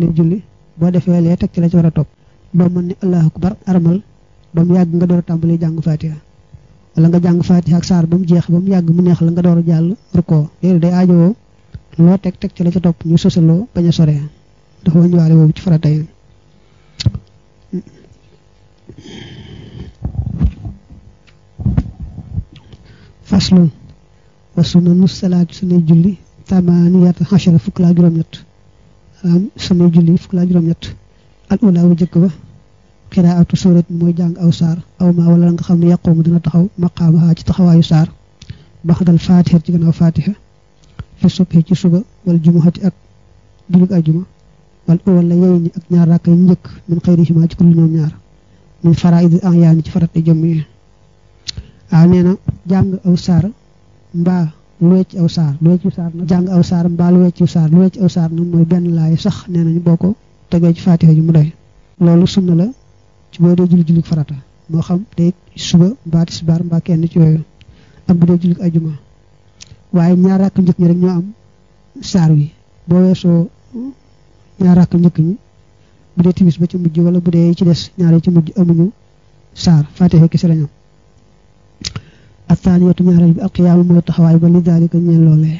nañ julli boo defee lee teg ci la ci war a topp doo mën ne allahu akbar yàgg nga door a tàmbali jàng fatiha nga jàng fatiha ak saar ba mu jeex ba yàgg mu neex la nga door a jàll rukkoo léegi day teg teg ci la ci topp ñu sosaloo bañ a sore dafa wàññiwaale boobu ci farata yi faslun wa sunanu salaatu sunay julli tamaaniyata xashara fukk laa juróom-ñett sama julli fukk laa juróom-ñett al ula wu jëkk ba xiraatu surat mooy jàng aw saar aw ma wala nga xam ne yàqoomu dina taxaw maqaamaha ci taxawaayu saar baxdal fatiha ci gannaaw fatiha fi subhi ci suba wal jumuhati ak julug ajuma wal wala yooyu ñi ak ñaar rakk yi njëkk min xayrihima ci kulli ñoom ñaar min faraidi an yaani ci farat ay jëmm yi waaw nee jàng aw saar mbaa lu wecc aw saar lu wecc saar nag jàng aw saar mbaa lu wecc saar lu wecc aw mooy benn laay sax nee nañu boo ko tegee ci faatiha ji mu doy loolu sunna la ci boo dee julli julli farata moo xam day suba mbaa tisbaar mbaa kenn ci yooyu ak bu dee ay ajuma waaye ñaar ràkk njëkk ñi rek ñoo am saar wi boo weesoo ñaar ràkk njëkk ñi bu dee timis ba ci mujj wala bu dee ci des ñaar yi ci mujj amuñu saar faatiha kese lañu am attaaniyatu ñaareel bi alqiyaamu mooy taxawaay ba li daalika ñeel loolee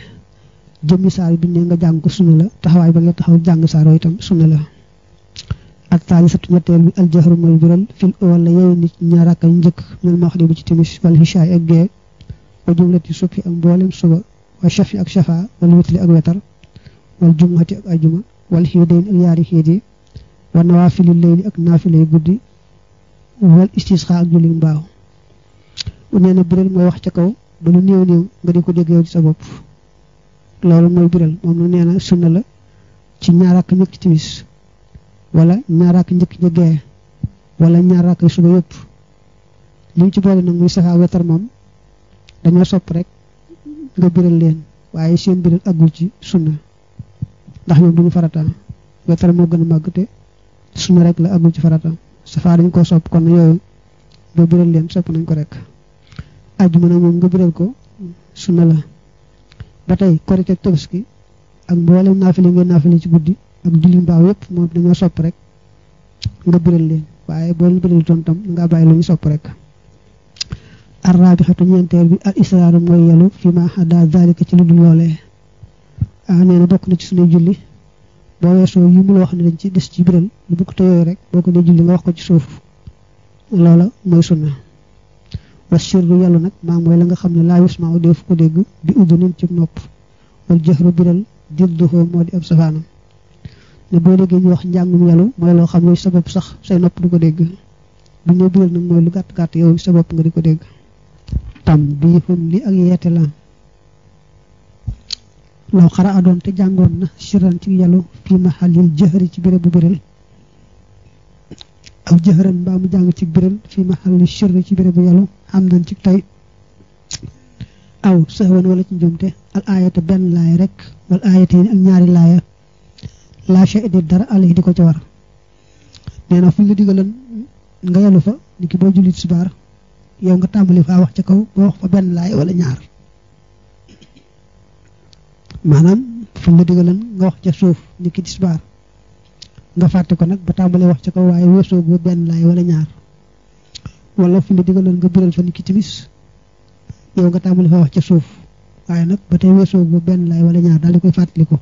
jëmmi saar bi ne nga jàng ko sunna la taxawaay ba nga taxaw jàng saaroo itam sunna la attaalisatu ñetteel bi aljahru mooy biral fil wala yow nit ñaar ak njëkk mel maxdi bi ci timis wala hichaay ak gee wa jumlati subhi ak mboolem suba wa shafi ak shafa wala witli ak wetar wal jumati ak ajuma wal xiidayn ak yaari xiid yi wa leyli ak naafilay guddi wal nee na biral mooy wax ca kaw ba lu néew néew nga di ko dégg ci sa bopp loolu mooy biral moom na nee na sunna la ci ñaaraak njëkk timis walla ñaaraak njëkk ci gee wala ñaaraak suba yëpp li mu ci boole nag muy safa wetar moom dañoo sopp rek nga biral leen waaye seen biral aggul ci sunna ndax ñoom duñu farata wetar moo gën a màgg te sunna rek la aggul ci farata safa dañ ko sopp kon yooyu nga biral leen sopp nañ ko rek ajjuma nag moom nga biral ko sunna la ba tey korite ak tabaski ak mboolem naafile ngeen naafile ci guddi ak julli mbaaw yëpp moom dañoo sopp rek nga biral leen waaye boo leen biral doon nga bàyyi lu ñu sopp rek arraabixatu ñeenteel bi al israaru mooy yelu fi ma xadda zalika ci lu dul loolee ah nee na bokk na ci suñuy julli boo weesoo yi mu loo xam ne dañ ci des ci biral lu bukk te rek boo ko dee julli nga wax ko ci suuf loola mooy sunna wa sirru yàllu nag maa mooy la nga xam ne laa yusmaaw def ko dégg bi uddunin ci nopp wal jëxru biral moo di ab safaanam boo déggee ñu wax njàngum yàllu mooy loo xam ne sabab sax say nopp du ko dégg bu ñu biral mooy lu gàtt gàtt yow nga di ko dégg tam bii xun li ak yeete la loo xara adoon te jàngoon na siran ci yàllu fii ma xalil jëxëri ci béréb bu biral aw jëxëran mbaa mu jàng ci biral fii ma xalil sirri ci béréb bu yàllu am doon ci tey aw sëxwan wala ci njumte al ayata benn laaya rek wal ayata yi ak ñaari laaya laa shay dara alay di ko ca war nee na fu ñu la digalan nga yelu fa ni ki boo julli tisbaar yow nga tàmbali faa wax ca kaw boo wax fa benn laaya wala ñaar maanaam fu ñu la digalan nga wax ca suuf ni ki nga fàtte ko nag ba tàmbali wax ca kaw waaye weesoo bu benn laaya wala ñaar wala fi ñu digaloon nga biral fa nit ki timis yow nga tàmbali fa wax ca suuf waaye nag ba tey weesoo bu benn laay wala ñaar daal di koy fàttali ko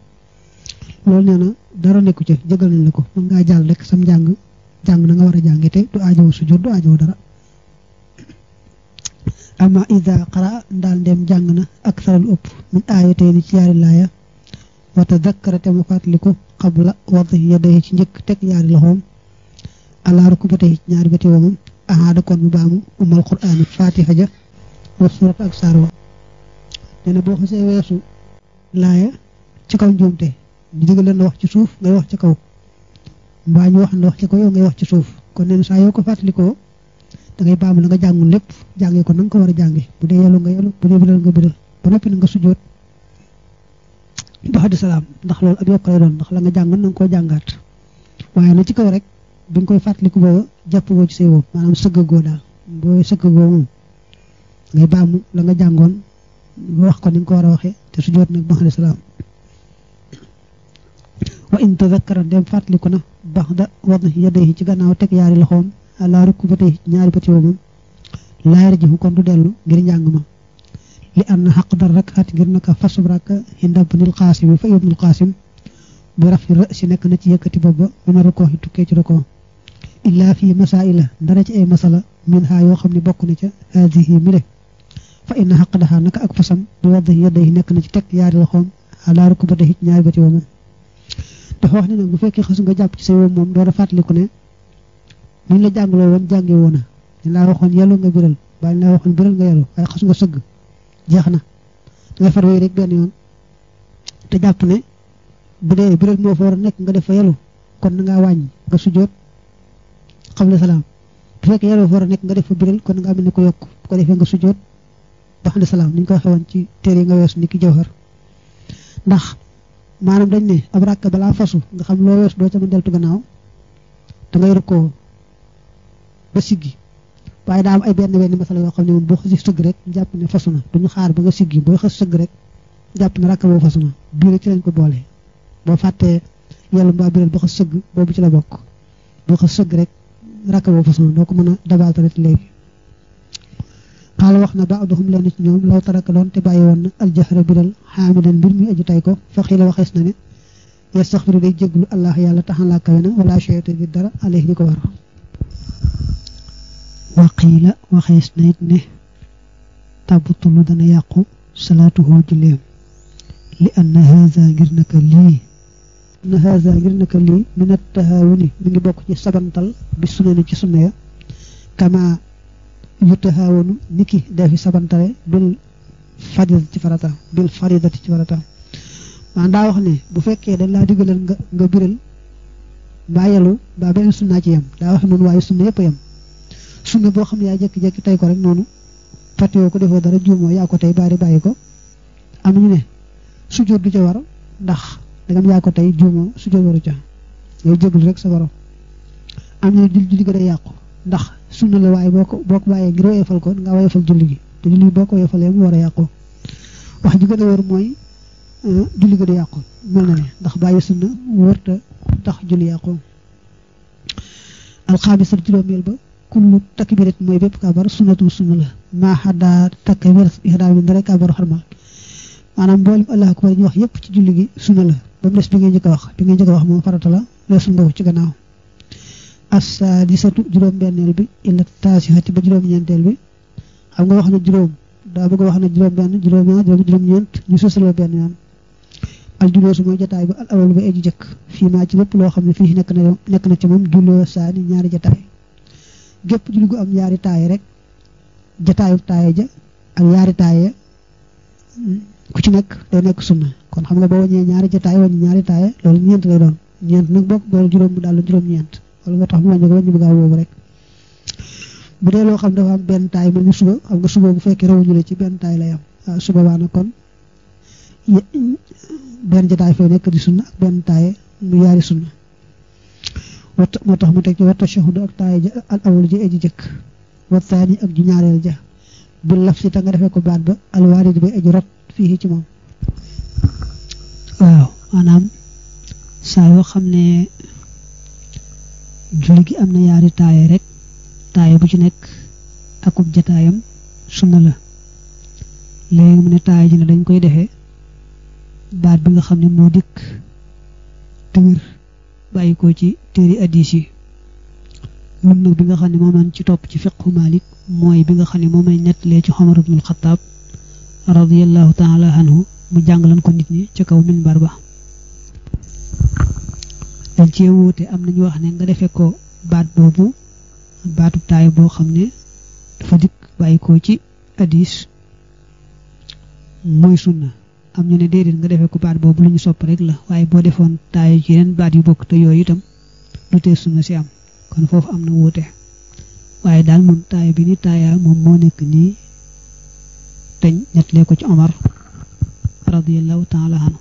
loolu nee na dara nekku ca jëgal nañ la ko mën ngaa jàll rek sam njàng jàng na nga war a jàngi te du aajow sujjóot du aajow dara ama ida qara ndaal ndem jàng na ak saral ëpp min aayatee ni ci yaari laaya wata dakkara te mu fàttaliku xabla wadi yaddayi ci njëkk teg yaari loxoom alaaru ku ba tey ci ñaari bati aada kon mu baamu umal quraan fatiha ja wa surata ak saar wa nee na boo xasee weesu laaya ci kaw njuumte ñu digal leen na wax ci suuf ngay wax ci kaw mbaa ñu wax ne wax ci kaw yow ngay wax ci suuf kon nee na saa yoo ko fàttalikoo da ngay baamu la nga jàngu lépp jàngee ko na ko war a jànge bu dee yàllu nga yàllu bu dee bilal nga bilal ba noppi na nga sujjóot ba xaddi salaam ndax loolu ab yokk lay doon ndax la nga jàngoon na koo jàngaat waaye na ci kaw rek ba nga koy fàttaliku booba jàpp goo ci say woom maanaam sëggagoo daal boo sëggagoo moom ngay la nga jàngoon wax ko ni nga ko war a waxee te su joot nag baxda salaam wa in tadakara dem fàttaliku na baxda wad yadayhi ci gannaaw teg yaari loxoom àla rukbatayhi ñaari bati woomam laayar ji kon du dellu ngir njàng ma li na xaq dar rek xaat ngir naka fasub rakk hinda bunil xaasim yi fa ibnul xaasim bu rafet si nekk na ci yëkkati boobu ba mën a rukkoo tukkee ci illaa fi masaila dara ay masala min haa yoo xam ne bokk na ca haadihi mi le fa inna xaq daxaa naka ak fasam bi wadda yedda yi nekk na ci teg yaari loxoom alaa rukk ba daxi ñaari bati woomam wax ne nag bu fekkee xasu nga jàpp ci say woom moom door a fàttaliku ne niñ la jàngaloo woon jànge na ñu laa waxoon yellu nga biral baa ñu laa waxoon biral nga yellu waaye xasu nga sëgg jeex na danga far wéy rek benn yoon te jàpp ne bu dee biral moo fa war a nekk nga def fa yellu kon na ngaa wàññi nga sujjoot xam ne salaam bu fekkee yaroo fa war a nekk nga def fa biral kon nga am ni ko yokk bu ko defee nga sujjoot ba xam ne salaam ni koy ko ci téere yi nga weesu ni ki jawhar ndax maanaam dañ ne ab ràkk balaa fasu nga xam loo weesu doo ca mën deltu gannaaw da ngay rukkoo ba siggi waaye daa am ay benn benn masala yoo xam ne moom boo xasi sëgg rek jàpp ne fasu na duñu xaar ba nga siggi booy xas sëgg rek jàpp ne ràkk boo fasu na biir ci lañ ko boo fàttee yàlla mbaa biral boo sëgg boobu ci la bokk boo xas sëgg rek rakka boobu façon doo ko mën a dabal tamit léegi xaala wax na baaduhum lenn ci ñoom law taraka loon te bàyyi woon na aljaxra biral xaamidan mbir mi aju tay ko fa xiila waxees na ne yastaxfiru day jéglu allah yàlla taxalaa kawe na wala cheyte bi dara alayhi di ko war wa qiila waxees na it ne tabutulu dana yàqu salaatuhu julleem li anna haza ngir naka lii na haza ngir naka lii minat tahawuni mi ngi bokk ci sabantal bi sunani ci sunna ya kama yu tahawunu niki defi sabantale bil faridati ci farata bil faridati ci farata man daa wax ne bu fekkee dañ laa digalal nga nga biral mbaa yelu mbaa beneen sunnaa ci yem daa wax noonu waaye sunna yëpp yem sunna boo xam ne yaa jékki-jékki tey ko rek noonu fàttewoo ko defoo dara juumoo yaa ko tey baari bàyyi ko am ñu ne sujjóot du ca war ndax ndegam yaa ko tey juumoo su jot waru ca yow rek sa borom am ñu jul julli ga yàqu ndax sunna la waaye boo ko boo ko bàyyee ngir woyofal ko nga woyofal julli gi te julli boo ko mu war a yàqu wax ji gën a wër mooy euh, julli ga day yàqu mel na ne ndax bàyyi sunna wërta tax julli yàqu alxaamisat juróomeel ba kullu takbirat mooy bépp kabar sunnatu sunna la maa xaddaa takbir ihdaal bi ndare kabaru xarmal maanaam mboolem allah ku yi ñu wax yëpp ci julli gi sunna la ba mu des bi ngay njëkk a wax bi ngay njëkk a wax moom farata la leesul nga ko ci gannaaw assaadisatu juróom-benneel bi illa taasifati ba juróom-ñeenteel bi xam nga wax na juróom daa bëgg a wax na juróom-benn juróom-ñaar juróom-ñeent ñu sësaloo benn yoon al su mooy jataay ba al awal ba eju jëkk fii maa ci lépp loo xam ne fii nekk na nekk na ci moom juloo saani ñaari jataay gépp julli gu am ñaari taay rek jataayu taaya ja ak ñaari ya ku ci nekk day nekk sunna kon xam nga boo wàññee ñaari jataay wàññi ñaari taay loolu ñeent lay doon ñeent nag bokk boolu juróom bu daal juróom-ñeent loolu nga tax mu wàññi ko wàññi bu gaaw boobu rek bu dee am benn taay mel ni suba xam nga suba bu fekkee rawuñu la ci benn taay lay am waaw ah, suba baa na kon benn jataay fay nekk di sunna ak benn taaye mu yaari sunna wat moo tax mu teg ci wat tashahud ak taaye ja ak al awal ji aji jëkk wat taani ak ju ñaareel ja bu laf si ta nga defee ko baat ba alwaarid ba aji rot fii ci moom waaw maanaam saa yoo xam ne julli gi am na yaari taaye rekk taaye bu ci nekk akub jataayam sunna la léegi mu ne taaye ji dañ koy defee baat bi nga xam ne moo dikk tëwër bàyyi ci téeri addis yi ñun nag bi nga xam ne moom lañ ci topp ci fiqhu Malik mooy bi nga xam ne moom lañ nettalee ci Omar ibnul Xattaab radiyallahu taala anhu mu jàngalan ko nit ñi ca kaw minbar ba dañ cee wuute am nañu wax ne nga defe ko baat boobu baatu taay boo xam ne dafa dikk bàyyi ci hadis mooy sunna am na ne déedéet nga defe ko baat boobu lu ñu sopp rek la waaye boo defoon taay ci yeneen baat yu bokk te yooyu itam du tee sunna si am kon foofu am na wuute waaye daal moom taay bi ni taaya moom moo nekk nii peñ ñettalee ko ci Omar radiyallahu taala anhu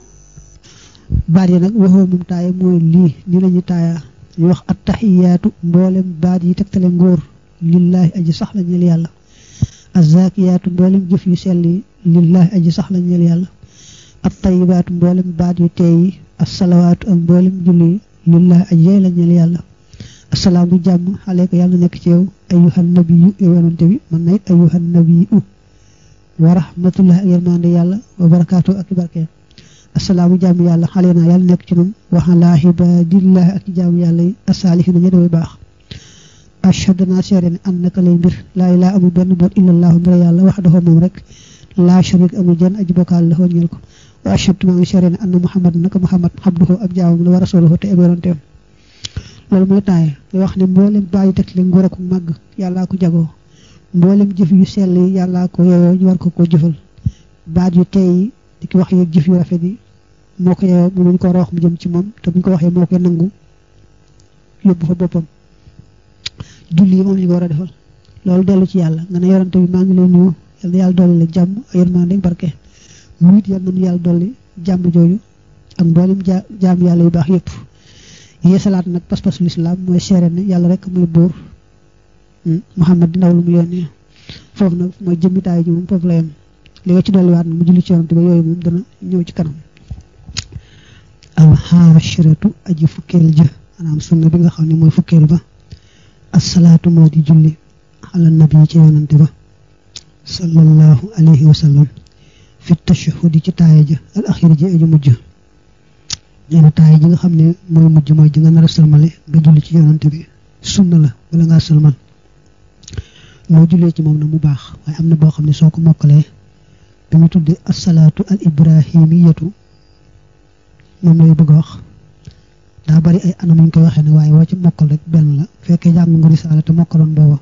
baat yi nag waxoo moom taaya mooy lii ni lañu taaya ñu wax attaxiyaatu mboolem baat yi tegtale ngóor lillaahi aji sax la ñeel yàlla azzakiyaatu mboolem jëf yu sell yi lillaahi aji la ñeel yàlla at tayibaatu mboolem baat yu teey yi assalawaatu ak mboolem julli yi lillaahi aji yey la yàlla assalaamu jàmm aleyka yàlla nekk ci yow ayyuhan nabiyyu yow yonante bi man na it ayyuhan nabiyyu wa rahmatullah ak yërmande yàlla wa barakaatu ak i barke asalaamu jàmm yàlla xale naa yàlla nekk ci nun waxalaa ibadillah ak jàmm yàlla yi asaalihina ñe daway baax ashhadu naa seere ne an naka lay mbir laa ilaa amul benn buur illallahu mbir yàlla wax dafa moom rek laa sharik amul jenn aji bokkaal la ñeel ko wa ashhadu maa ngi ne anna muhammad naka muhammad abduhu ab jaamam la wa rasuluhu te eberonteem loolu mooy taaye wax ne mboolem bàyyi teg li nguur ak màgg yàllaa ko jagoo mboolem jëf yu sell yi yàllaa ko yeyoo ñu war ko ko jëfal baat yu tey yi di ki wax yeeg jëf yu rafet yi moo ko yeyoo mu ñu ko roox mu jëm ci moom te bu ñu ko waxee moo koy nangu yóbbu fa boppam julli yi moom ñu ko war a defal loolu dellu ci yàlla nga ne yorante bi maa ngi lay nuyu yàlla yàlla dolli la jàmm ak yërmande barke mu it yàlla nañu yàlla dolli jàmm jooju ak mboolem jaam yàlla yu baax yëpp yeesalaat nag pas-pasu lislaam mooy seere ne yàlla rek mooy buur Muhammad dina lu mu mooy jëmmitaay ji ci dolliwaat mu julli ci yonante yooyu moom ci kanam alxaasiratu aji fukkeel ja bi nga xam ne mooy fukkeel ba asalaatu moo di julli ala nabi ci yonante ba nga xam ne mooy ji a salmale nga ci yonante sunna la wala ngaa salmal boo jullee ci moom na mu baax waaye am na boo xam ne soo ko mokkalee bi mu tuddee asalaatu al ibrahimiyatu moom lay bëgg a wax daa bari ay anam yu ñu koy waxe ne waaye woo ci mokkal rek benn la fekkee jàng nga risaala te mokkaloon booba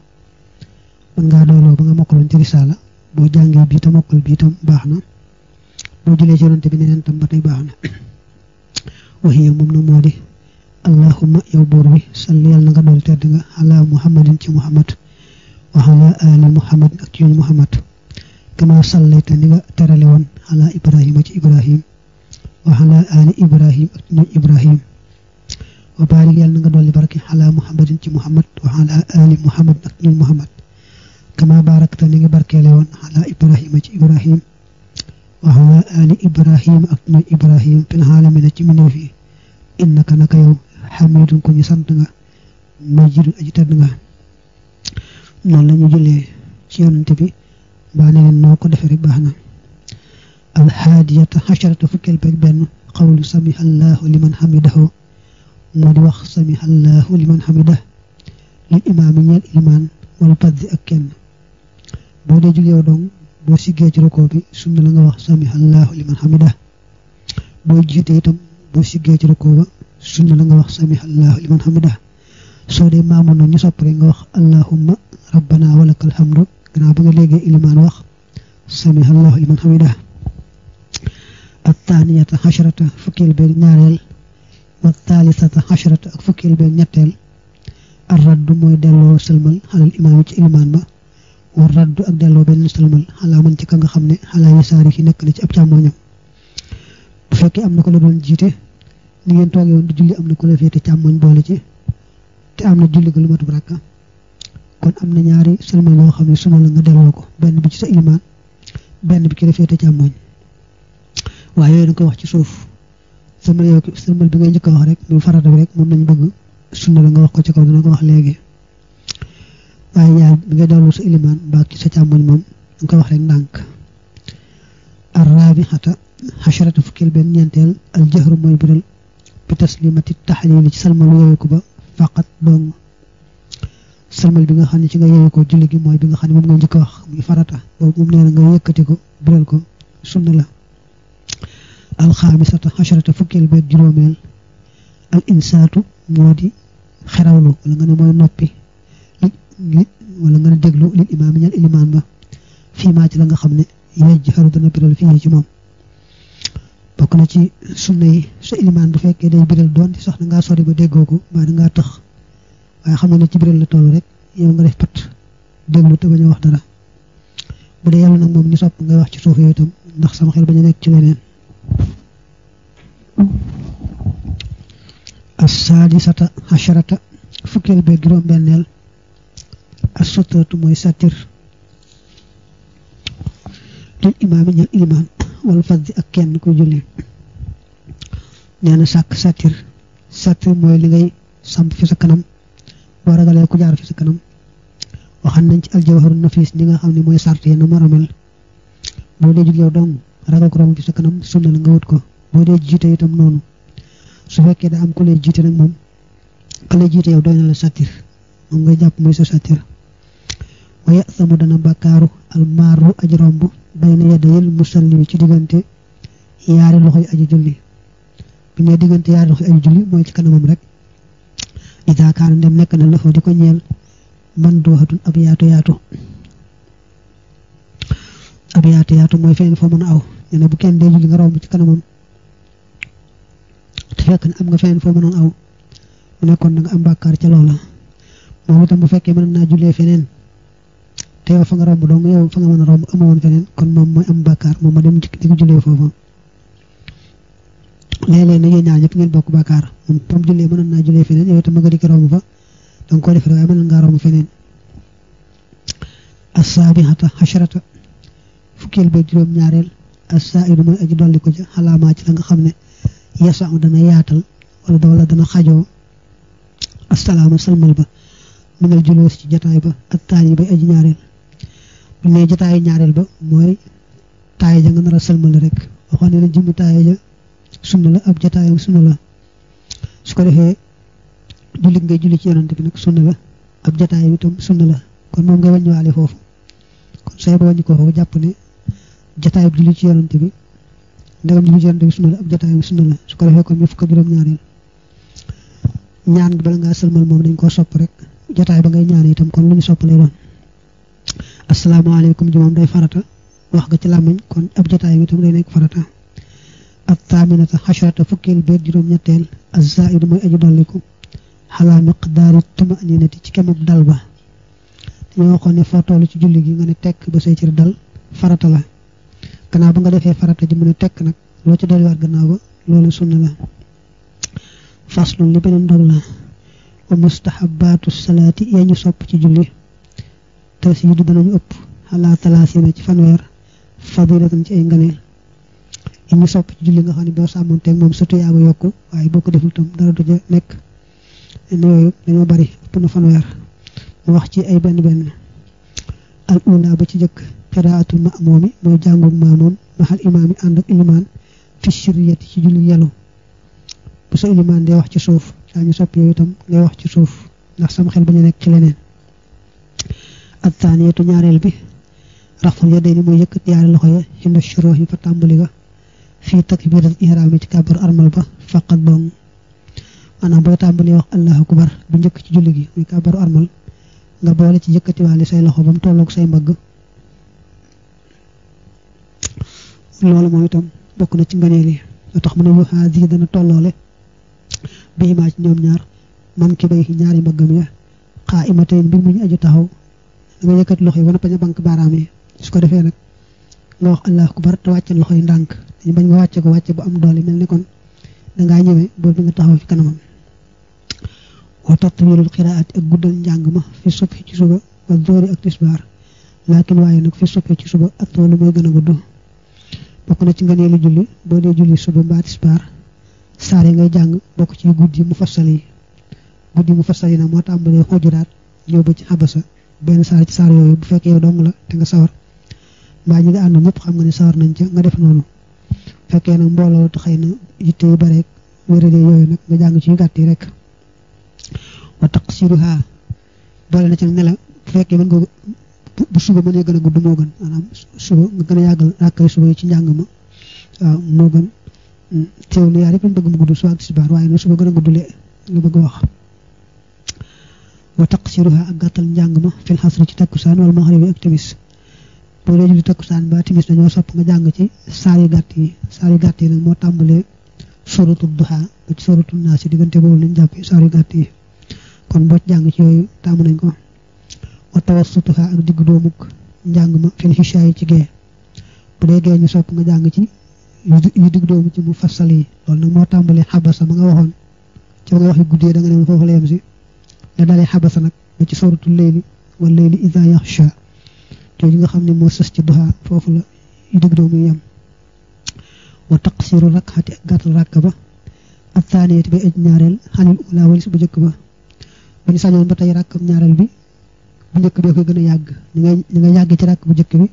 mën ngaa doyloo ba nga boo jàngee bii te mokkal bii tam baax na boo jullee bi neneen tam ba tey baax na waxiya moom na moo di allahumma yow buur bi salli yàlla na nga dool tedd nga ala muhammadin ci muhammad waxala ali ah, muhammad ak ci muhammad kama sallayta ni nga terale woon ala ibrahima ci ibrahim waxala ali ibrahim ak ci ñooñ ibrahim wa baarik yàlla barke ala ci muhammad waxala ali muhammad ak ci ñooñ muhammad kama baarakta ni nga barkeele ci ibrahim waxala ali ibrahim ak ci ñooñ fil aalamina ci mbindéef yi innaka yow xamidun ko ñu sant nga majidu noonu la ñu jullee ci yonante bi mbaa ne leen noo ko defee rek baax na alhaadiyata xasharata fukkeel beeg benn xawlu sami allahu liman xamidahu moo di wax sami allahu liman xamidah lil imaam yi ñeel ilimaan wala paddi ak kenn boo dee jugeew dong boo siggee ci rukoo bi sunna la nga wax sami allahu liman xamidah boo jiite itam boo siggee ci rukoo ba sunna la nga wax sami soo dee maamunu ñu sopp rek nga wax allahumma rabbana walakal hamdu gannaaw ba nga léegee ilimaan wax sami allahu liman hamida ak taaniyata xasharata fukkeel beeg ñaareel wa mooy delloo sëlmal xalal imaam yi ci ilimaan ba war raddu ak delloo benn sëlmal xalaa mën ci ka nga xam ne xalaa wisaari ki nekk na ci ab càmmoñam bu fekkee am na ko la doon jiite ni ngeen toogee di julli am na ko la féete càmmoñ boole ci te am na julli ga lu matub rakka kon am na ñaari sëlmal yoo xam ne sunu la nga delloo ko benn bi ci sa ilmaan benn bi ci waaye yooyu da ko wax ci suuf sëlmal yow sëlmal bi ngay jëkk a wax rek mu farata bi rek moom nañ bëgg sunna la nga wax ko ci kaw dina ko wax léegi waaye ñaar bi ngay delloo sa ilimaan mbaa ci sa càmmoñ moom da koy wax rek ndànk arraabi xata xasharata fukkeel benn ñeenteel al jahru mooy biral bi taslimati taxalili ci salmalu yooyu ba faqat dong sëlmal bi nga xam ne ci nga yeewu ko julli gi mooy bi nga xam ne moom nga njëkk wax muy farata boobu moom nee na nga yëkkati ko biral ko sunna la alxaamisata asharata fukkeel beeg juróomeel al insaatu moo di xerawlu wala nga ne mooy noppi li wala nga ne déglu lil imaam ñal ilimaan ba fii maa la nga xam ne yejj xaru dana biral fii ci moom bokk na ci sunna su sa bu fekkee day biral doon sax da ngaa sori ba déggoo ko mbaa da ngaa tax waaye xam ne ne ci biral la tool rek yow nga def pat déglu te bañ wax dara bu dee yàlla nag moom ñu sopp ngay wax ci suuf yooyu itam ndax sama xel bañ a nekk ci leneen as-saadisata asharata fukkeel beeg juróom benneel as mooy satir lil imaam ñal imaan wala fas ak kenn ku julli nee na sàkk satir satir mooy li ngay samp fi sa kanam boo ragalee ku jaar fi sa kanam waxan nañ ci aljawharu nafis ñi nga xam ni mooy sart yi na mu boo dee julli yow dong ragal ko romb fi sa kanam sunna la nga wut ko boo dee jiite itam noonu su fekkee da am ku lay jiite nag moom ku jiite yow doy na la satir moom ngay jàpp mooy sa satir waaye sama dana bàkkaaru almaaru aj romb bayna yadayil musalli ci diggante yaari loxo yi aju julli bi ne diggante yaari loxo yi aji julli mooy ci kanamam rek idaa kaana dem nekk na loxo di ko ñeel man dooxatun ab yaatu yaatu ab yaatu yaatu mooy fenn foo mën a aw ñu bu kenn dee julli nga romb ci kanamam te fekk na am nga fenn foo mën aw mu nekkoon na nga am bàkkaar ca loola moom itam bu fekkee mën naa jullee feneen teew fa nga romb dong yow fa nga mën a romb amoon feneen kon moom mooy am bàkkaar moom ma dem di ko jullee foofa léeg-léeg nag ngeen bokk bàkkaar moom pam jullee mënoon naa jullee feneen yow itam ma a di ko romb fa danga def waaye mënoon ngaa romb feneen assaabihata juróom ñaareel assaidu mooy aji dolli ko ca xalaamaa ci nga xam ne yasam dana yaatal wala dawla dana xajoo assalaama salmal ba mënal juloo si ci jataay ba ak taani bay aji ñaareel buñ nee jotaayu ñaareel ba mooy taaya ja nga nar a sëlmal rek waxoon ne la jëmmi taaya ja sunna la ab jataay sunna la su ko defee julli ngay ci yonante bi nag sunna la ab jotaay bi itam sunna la kon moom ngay wàññiwaale foofu kon sooy ba wàññi ko foofu jàpp ne jotaay bi julli ci yonante bi ndegam julli ci yonante bi sunna la ab jotaay bi sunna la su ko defee kon ñu fukk juróom ñaareel ñaan bala ngaa sëlmal moom dañ koo sopp rek jotaay ba ngay ñaan itam kon lu ñu sopp lay doon asalaamaaleykum ji moom day farata wax nga ci làmmiñ kon ab jotaay bi tam day nekk farata ab taaminata xasharata fukkeel beeg juróom-ñetteel az-zaaidu mooy aju dolliku xalaa miqdaari tumaninati ci kemab dal ba dañoo waxoon ne foo ci julli gi nga ne tekk ba say cër dal farata la gannaaw ba nga defee farata ji mu ne tekk nag loo ci dolliwaat gannaaw ba loolu sunna la faslun li beneen dog la wa mustahabaatu salaati yaa ñu sopp ci julli taw si yuddu danañu ëpp ala talaasina ci fanweer fadilatan ci ay ngëneel yi ñu sopp ci julli nga xam ne boo sàmmanteeg moom sa tuyaaba yokku waaye boo ko deful tam dara du ja nekk yooyu dañoo bari ëpp na fanweer mu wax ci ay benn benn al ula ba ci jëkk qiraatul ma'muumi mooy jàngug maamoom maxal imaam yi ànd ak ilimaan fi sirriyati ci julli yelu bu sa ilimaan day wax ci suuf daa sopp yooyu itam ngay wax ci suuf ndax sam xel bañ a nekk ci leneen ak taaniyatu ñaareel bi raxful yadayni mooy yëkkat ñaari loxo ya xinda shuroox yi fa tàmbali ga fii takbiratul ihraam yi ci kàbbaru armal ba faqat dong maanaam booy tàmbalee wax allahu akbar bu njëkk ci julli gi muy kàbbaru armal nga boole ci yëkkatiwaale say loxo ba mu tolloog say mbagg loolu moom itam bokk na ci ngëneel yi nga tax mu ne bu xaas dana tolloole bii maa ci ñoom ñaar man ki bay ñaari mbaggam ya xaa imateen mbir mu aju taxaw nga yëkkat loxo yi wana bañ a bank baaraam su ko defee nag nga wax allah akbar te wàcce loxo yi ndànk dañu bañ nga wàcce ko wàcce bu am doole mel ni kon dangaa ñëwee boobu nga taxaw ci kanamam wa tatwilul xiraati ak guddal njàng ma fi subhi ci suba wa dóori ak tisbaar laakin waaye nag fi subhi ci suba ak toolu mooy gën a gudd bokk na ci ngëneelu julli boo dee julli suba mbaa tisbaar saar yi ngay jàng bokk ci guddi mu fassal yi guddi mu fassal yi nag moo tàmbalee xujuraat ñëw ba ci xabasa benn saar ci saar yooyu bu fekkee yow dong la te nga sawar mbaa ñi nga ànd ñëpp xam nga ni sawar nañ ca nga def noonu fekkee nag mbooloo xëy na yitte yu bare wérade yooyu nag nga jàng ci gàtt yi rek tax wa taqsiruha boole na ci ne la bu fekkee mën nga bu suba mënee gën a gudd moo gën maanaam suba nga gën a yàggal rakkay suba ci njàng ma waaw moo gën hmm, teew na yaar yëpp gudd suba ak tisbaar waaye nag suba gën a guddule la bëgg wax wa taqsiruha ak gàttal njàng ma fil xasri ci takkusaan wala maxribi ak timis boo dee julli takkusaan ba timis dañoo sopp nga jàng ci saar yu saar yu gàtt moo tàmbalee suratul ba ci suratul naas diggante boobu lañ jàpp saar yu gàtt yi jàng ci yooyu tàmm nañ ko wa tawassutuha ak diggu doomuk njàng ma fil xishaa yi ci gee bu dee gee ñu sopp nga jàng ci yu digg doomu ci mu fassal yi loolu nag moo tàmbalee xabasa ma nga waxoon ci ma nga waxi guddee da nga ne ma foofu la yem si la dalee sa nag ba ci soratu leyli wala leyli ida yaxsha jooju nga xam ne moo sës ci duha foofu la yu dëgg doo muy yem wa taqsiru rakxati ak gàttal ràkk ba ak thaniyati ba aj ñaareel xanil ula walis bu njëkk ba bu ñu sañoon ba tey ràkkam ñaareel bi bu njëkk bi koy gën a yàgg ni ngay nga yàggee ci ràkk bu njëkk bi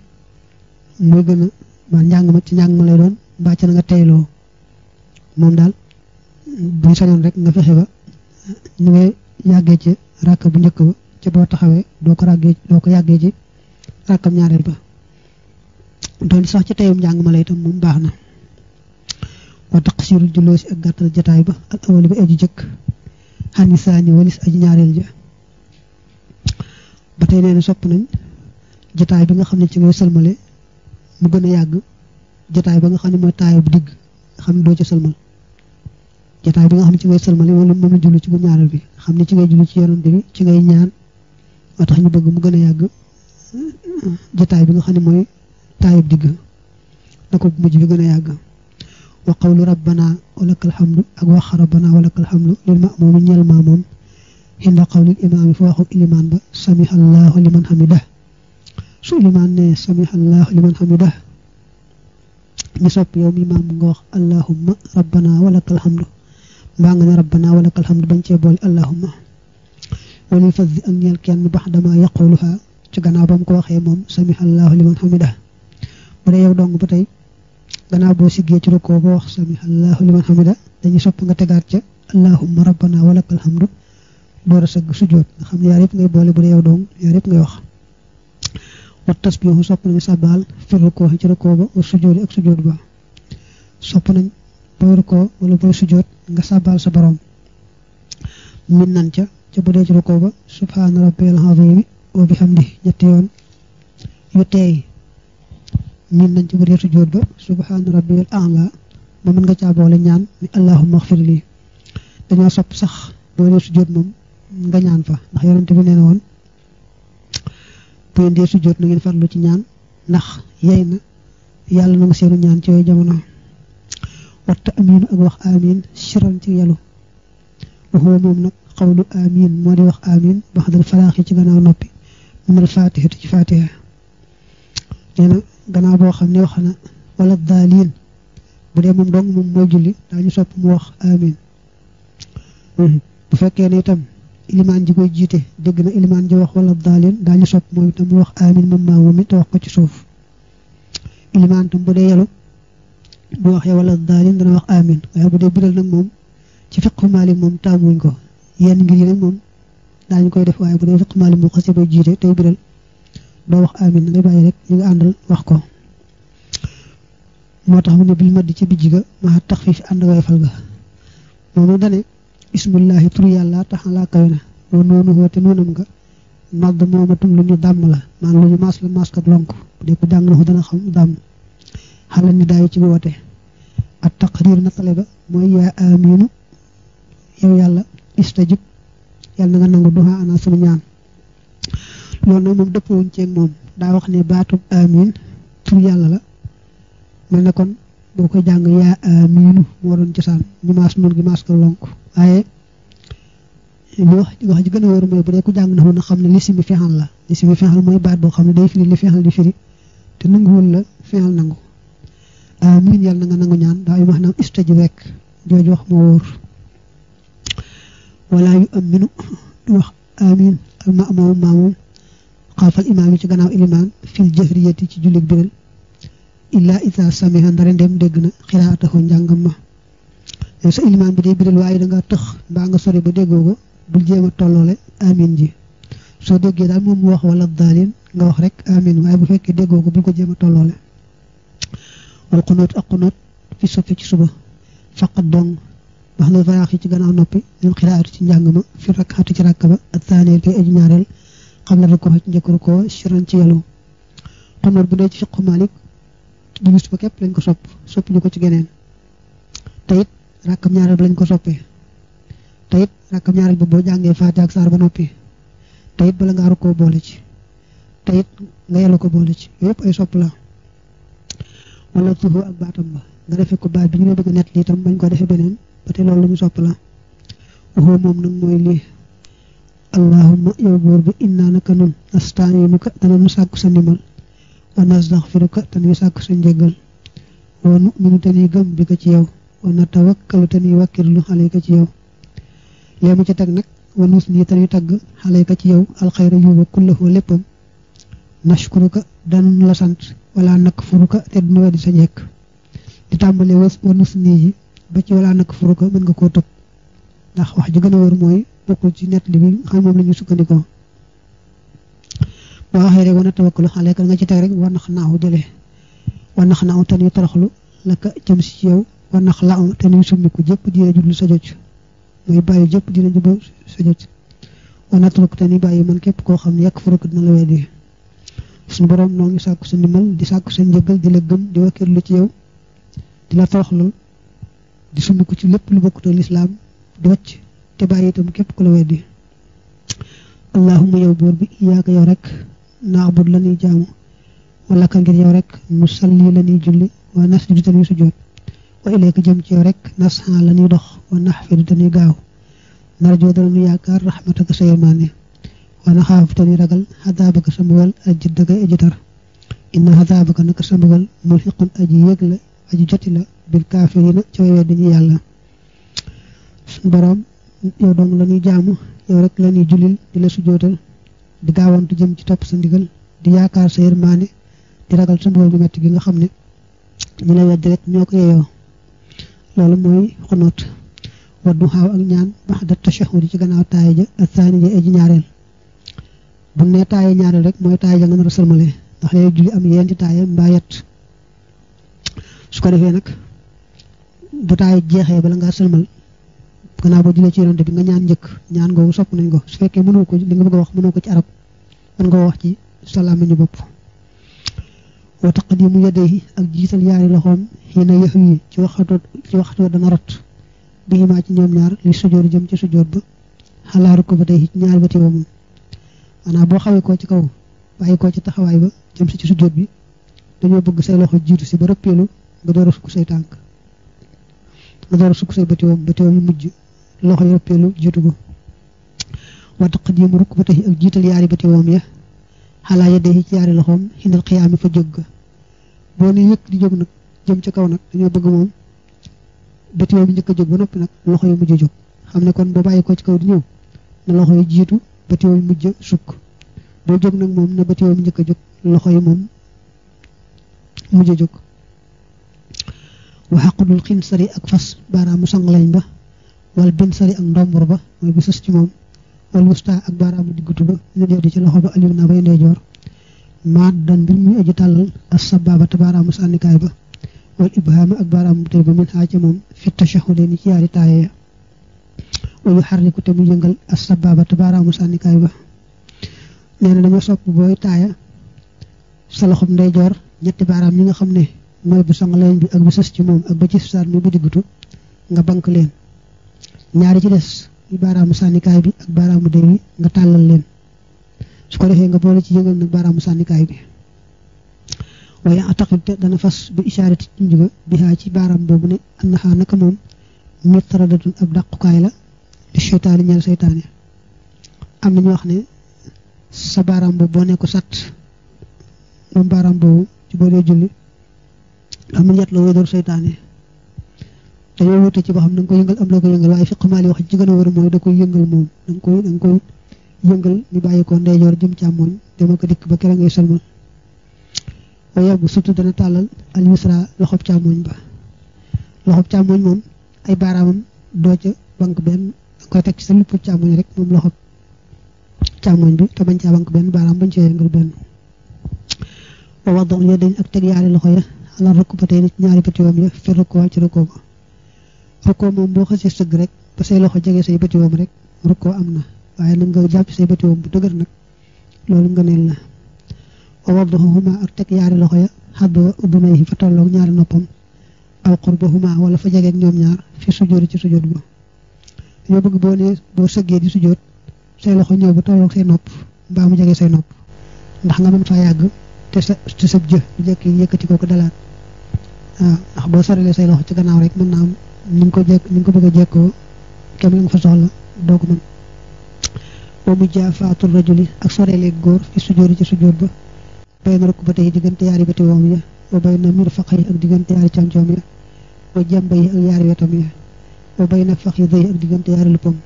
mooy gën a ma njàng ma ci njàng ma lay doon mbaa ca na nga teyloo moom daal bu ñu sañoon rek nga fexe ba yàggee ca rakk bu njëkk ba ca doo taxawee doo ko ràggee doo ko yàggee ci rakkam ñaareel ba doon sax ci teyum njàng ma la itam moom baax na wa taqsirul juloosi ak gàttal jataay ba al awali ba aju jëkk xani saani walis aji ñaareel ja ba tey nee na sopp nañ jataay bi nga xam ne ci ngay sëlmale mu gën a yàgg jataay ba nga xam ne mooy taayu bu digg nga xam ne doo ca sëlmal jotaay bi nga xam ne ci ngay sëlmale wala moom julli ci bu ñaareel bi xam ne ci ngay julli ci yonante bi ci ngay ñaan moo tax ñu bëgg mu gën a yàgg jotaay bi nga xam ne mooy taayub digg na ko mujj bi gën a yàgg wa qawlu rabbana wa lakal hamdu ak wax rabbana wa lakal hamdu lil ma'muum ñeel maamoom inda qawli imaam liman hamidah su ilimaan ne samiha liman hamidah ñu sopp yow mi maam nga wax allahumma rabbana wa lakal mbaa nga ne rabbana walakal hamdu dañ cee boole allahumma wali fas di am ñeel kenn bax dama yaquluha ci gannaaw ba mu ko waxee moom samiha allahu liman hamida bu dee yow dong ba tey ganaar boo siggee ci rukkoo boo wax samiha allahu liman hamida dañuy sopp nga tegaat ca allahumma rabbana walakal hamdu door a sëgg sujjoot nga xam ne yaar yëpp ngay boole bu dee yow dong yaar yëpp ngay wax wa tasbihu sopp nañu sabaal fi rukkoo ci rukkoo ba wa sujjoot ak sujjoot ba sopp boo rukkoo wala boo sujjóot nga sàbbaal sa borom min nan ca ca bu dee ci rukkoo ba subhaana rabbiyal azimi wa bihamdi yoon yu teey min nan ca bu dee sujjóot ba subhaana rabbiyal a'la ba nga caa ñaan ni allahumma xfir lii dañoo sopp sax boo dee sujjóot moom nga ñaan fa ndax yonente bi nee na woon bu ngeen dee sujjóot na ngeen ci ñaan ndax yey na yàlla na nga seenu ñaan ci yooyu jamono watta amiin ak wax amiin siran ci yalu waxuwa moom nag xawlu amiin moo di wax amiin ba xadal falaax yi ci gannaaw noppi mënal faatiha ci faatiha nee na gannaaw boo xam ne wax na wala daaliin bu dee moom dong moom mooy julli daañu sopp mu wax amiin mhm. bu fekkee ne itam ilimaan ji koy jiite dégg na ilimaan ji wax wala daalin daañu sopp moom itam mu wax amiin moom maamu mi te wax ko ci suuf ilimaan tam bu dee yelu du wax wala daalin dana wax amin waaye bu dee biral nag moom ci fiqu maali moom taamuñ ko yenn ngir yi nag moom daañu koy def waaye bu dee fiqu maali moom xasee ba jiite tey biral doo rek ñu ngi àndal wax ko moo tax mu ne bil madd ci bijj ga maa taxfiif ànd wayfal ga moom dane bismillahi tur yàlla taxalaa kawe na loolu noonu woote noonam nga nodd moomatum lu ñu dàmm la maan lu ñu maas la maas ak lonk bu dee ko jàng na ko dana xam dàmm xalal ni daayu ci woote ak taqrir nattale ba mooy yaa aminu yow yàlla istajib yàlla na nga nangu duha ana sama ñaan loolu nag moom dëppoo wuñ ceeg moom daa wax ne baatu amin tur yàlla la mel na kon boo koy jàng yaa aminu moo doon cosaan ñu maas noonu gi maas ko lonk waaye ñu wax wax ji gën a wóor mooy bu dee ku jàng na xam ne li si bi fexal la li si bi fexal mooy baat boo xam ne day firi li fexal di firi te nanguwul la fexal nangu amin yàlla na nga nangu ñaan daa yu wax nag istaji rekk jooju wax moo wóor wala yu aminu du wax amin al maamoom maamoom xaafal imaam yi ci gannaaw ilimaan fil jëhriyati ci jullit biral illaa isa samiha ndare ndem dégg na xiraataxoo njàngam ma yow sa ilimaan bi dee biral waaye danga nga tëx mbaa nga sori ba déggoo ko bul jéem a tolloole amin ji soo déggee daal moom mu wax wala daalin nga wax rek amin waaye bu fekkee déggoo ko bul ko jéem a tolloole wal xunuut ak xunuut fi soppi ci suba faqat dong wax na faraax yi ci gannaaw noppi lil xiraatu ci njàng ma fi rakkaatu ci ràkk ba at taaneel koy aju ñaareel xam na da ko xëcc njëkkuru ko siran ci yelu xunuut bu dee ci fiqu Maalik du bis ba képp lañ ko sopp soppi ñu ko ci geneen te it rakkam ñaareel ba lañ ko soppee te it rakkam ñaareel ba boo jàngee faati ak saar ba noppi te it bala nga aru boole ci te nga yelu ko boole ci yooyu ay sopp wala tuhu ak baatam ba nga defe ko baat bi ñu la bëgg a nett li itam bañ ko defe beneen ba te loolu lu ñu sopp la waxoo moom nag mooy lii allahumma yow buur bi innaa naka nun nastainuka danañu sàkku sa ndimbal wa nastaxfiruka dañuy sàkku sa njëggal wa nu'minu dañuy gëm bi ko ci yow wa natawakkalu dañuy wàkkirlu alayka ci yow lee mu ca teg nag wa nuus nii dañuy tagg alayka ci yow alxayra yuuba kullahu léppam nashkuruka dañ la sant wala nakk furuka te dina weddi sa jekk di tàmbale was wanus nii yi ba ci wala nakk furuka mën nga koo tëb ndax wax ju gën a wër mooy bokkul ci nett li bi nga xam moom la ñu sukkandikoo boo waxee rek wana tawakkalu ci teg rek naaw jëlee war naaw te nuy toroxlu laka si ci yow nax laaw te jëpp dina jublu sa joj mooy bàyyi jëpp dina jublu sa joj wana turuk te nuy bàyyi man képp koo xam ne yàkk furuka dina la weddi suñu borom noo ngi sàkku sa ndimbal di sàkku sa njëgal di la gëm di wakkirlu ci yow di la toroxlul di sumb ci lépp lu bokkutoo lislaam di wàcc te bàyyi itam képp ku la weddi allahumma yow buur bi iyaaka yow rek naabud la ñuy jaamu wala ka ngir yow rek musalli la ñuy julli wa nasjudu te ñuy sujjoot wa ilayka jëm ci yow rek nasxan la ñuy dox wa naxfidu te ñuy gaaw narjoo danañu yaakaar raxmataka sa yërmaane ana xaafu tani ragal xadaabaka sa mbugal ak jëddëga aji tar inna xadaabaka naka sa mbugal mulxiqun aji yëg la aji joti la bil kaafirina ci way weddi ñu yàlla suñu borom yow dong la ñuy jaamu yow rek la ñuy julil di la di gaawantu jëm ci topp sa ndigal di yaakaar sa yërmaane di ragal sa mbugal bu metti gi nga xam ne ñu la weddi rek ñoo ko yeeyoo loolu mooy xunuut waddu xaaw ak ñaan bax da tashahudi ci gannaaw taay ja ak saani ja bu ne taaya ñaareel rek mooy taaya nga nar a sëlmale ndax léegi julli am yéenti taaya mbaa yett su ko defee nag bu taaya jeexee bala ngaa sëlmal naa boo jullee ci yonante bi nga ñaan njëkk ñaan googu sopp nañ ko su fekkee mënoo ko li nga bëgg a wax mënoo ko ci arab mën nga wax ci salaam ñu bopp wa taqdimu yadayhi ak jiital yaari loxoom xiina yëf yi ci waxtu ci waxtu dana rot bi himaa ci ñoom ñaar li sujoor jëm ci sujoor ba xalaaru ko ba tey ci ñaar ba maanaam boo xawee koo ci kaw bàyyi koo ci taxawaay ba jëm si ci sujjóot bi dañoo bëgg say loxo jiitu si ba rëppeelu nga door a sukk say tànk nga door a sukk say bëtiwoom bëtiwoom yu mujj loxo yi rëppeelu jiitu ko wa taqdiimu rukbatayhi ak jiital yaari bëtiwoom ya xalaa yadayhi ci yaari loxoom xindal xiyaami fa jóg ga boo ne yëkk di jóg nag jëm ca kaw nag dañoo bëgg moom bëtiwoom yi njëkk jóg ba noppi nag loxo yi mujj jóg xam ne kon boo bàyyi koo ci kaw di bët yooyu mujj sukk boo jóg nag moom na bët yooyu njëkk jóg loxo yi moom mujj a jóg wa xaqudul xin ak fas baaraamu sanglañ ba wala bin sari ak ndombur ba mooy bi sës ci moom wala wusta ak baaraamu diggutu ba ñu di ci loxo ba aliw na bay ndeyjoor maat dan mbir muy aji tàllal as sabaaba te baaraamu sànnikaay ba wala ibhaama ak baaraamu tër moom fi tashahudee ni ci yaari taaye wala xarniku te mu yëngal as sabaaba te baaraamu sànnikaay ba nee na dañoo sopp booy taaya sa loxob ndeyjoor ñetti baaraam yi nga xam ne mooy bu sangalañ bi ak bu sës ci moom ak ba ci saan mi bu diggutu nga bank leen ñaari ci des yu baaraamu sànnikaay bi ak baaraamu day wi nga tàllal leen su ko defee nga boole ci yëngal nag baaraamu sànnikaay bi waaye ataqit te dana fas bi ishaarati ci njuga bi haa ci baaraam boobu ne annaha naka moom mitradatun ab dàqukaay la seytaane ñeel seytaane am na wax ne sa baaraam boobu boo nekk sat moom baaraam boobu ci boo dee julli am na ñett la woy door seytaane dañoo wute ci ba xam da ko yëngal am la ko yëngal waaye fiq maali wax ci gën a wër mooy da koy yëngal moom da nga koy yëngal ñu bàyyi ko ndeyjoor jëm càmmooñ dama ko dikk ba kera ngay sëlmal waaye bu surtout dana tàllal al yusra loxob càmmooñ ba loxob càmmooñ moom ay baaraamam doo ca banque benn koy teg ci sa lupp càmmoñ rek moom loxo càmmoñ bi te bañ caa bank benn baaraam bañ cee yëngal benn wa wax doom yooyu ak teg yaari loxo ya ala rukk ba tey ñaari bëti woom ya fi rukkoo ci rukkoo ba boo xasee sëgg rek ba say loxo jege say bëti woom rek am na waaye nag nga jàpp say bëti bu dëgër nag loolu nga neel la yaari loxo ya xaddoo ubbi nay fa tolloog ñaari noppam aw qurbahuma wala fa jegeeg ñoom ñaar fi sujjóori ci sujjóot ba dama bëgg boo nee boo sëggee di sujjóot say loxo ñëw ba tolloog say nopp mbaa mu jege say nopp ndax nga mën faa yàgg te sa te sab jë du jekki yëkkati ko ko dalaat waaw ah, ndax boo saralee say loxo ci gannaaw rek mën naa am ni ko jekk ni ko bëgg a jekkoo kenn la nga fa soxla doo ko mën wa mu jaafaatul rajuli ak soreeleeg góor fi sujjóot ci sujjóot ba bay na rukk ba tey diggante yaari bati woom ya wa bay na mir faq yi ak diggante yaari cancoom ya wa jàmba yi ak yaari wetam ya wa bay na fax yu day ak diggante yaari luppam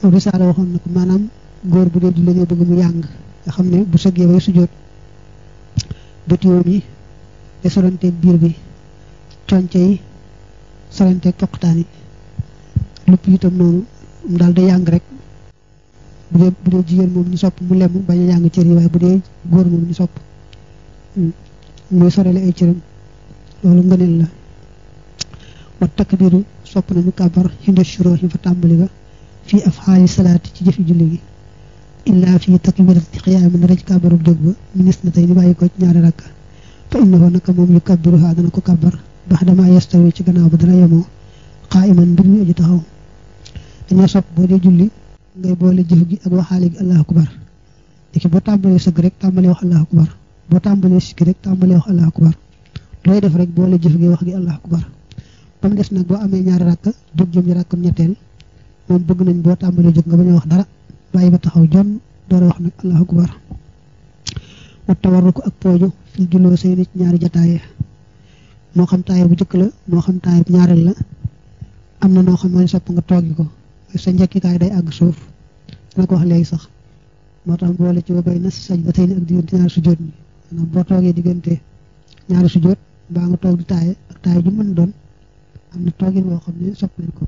loolu risaala waxoon na ko maanaam góor bu dee julli nga bëgg mu yàng nga xam ne bu sëggee bay sujjóot bët yoom yi de solanteeg bi conce yi solanteeg yi lupp itam noonu daal day yàng rek bu dee jigéen moom ñu sopp mu lem bañ a yàng cër yi waaye bu dee góor moom ñu sopp hmm, muy sorale ay cëram loolu ngëneel la wa takbiru sopp nañu kàbbar xinda shuroo fa tàmbali ba fii af xaali salaati ci jëfi julli gi illaa fii takbirati xiyaami na raj kàbbarub jóg ba minis na tey ni bàyyi ko ci ñaari rakka fa innahu naka moom yu kabbiruha dana ko kàbbar bax damaa yastawi ci gannaaw ba dana yemoo xaa iman mbir mi aju taxaw dañoo sopp boo dee julli ngay boole jëf gi ak waxaale gi allahu akbar léegi boo tàmbalee sëgg rek tàmbalee wax allahu akbar boo tàmbalee sikki rek tàmbalee wax allahu akbar looy def rek boole jëf gi wax gi allahu akbar am des nag boo amee ñaari rakk jóg jëm ci rakkam ñetteel moom bëgg nañ boo tàmbalee jóg nga ba a wax dara bàyyi ba taxaw jom door wax nag allahu akbar wa tawarruku ak pooju fil juloo seen ci ñaari jataay moo xam taay bu njëkk la moo xam taay bu ñaareel la am na noo xam ne sopp nga toogi ko sa njëkkikaay day àgg suuf dina ko wax léegi sax moo tax boole ci ba bay na sajdatayni ak diggante ñaari sujjóot ñi maanaam boo toogee diggante ñaari sujjóot mbaa nga toog di taaye ak taay ju mën doon am na toogin woo xam ne sopp nañ ko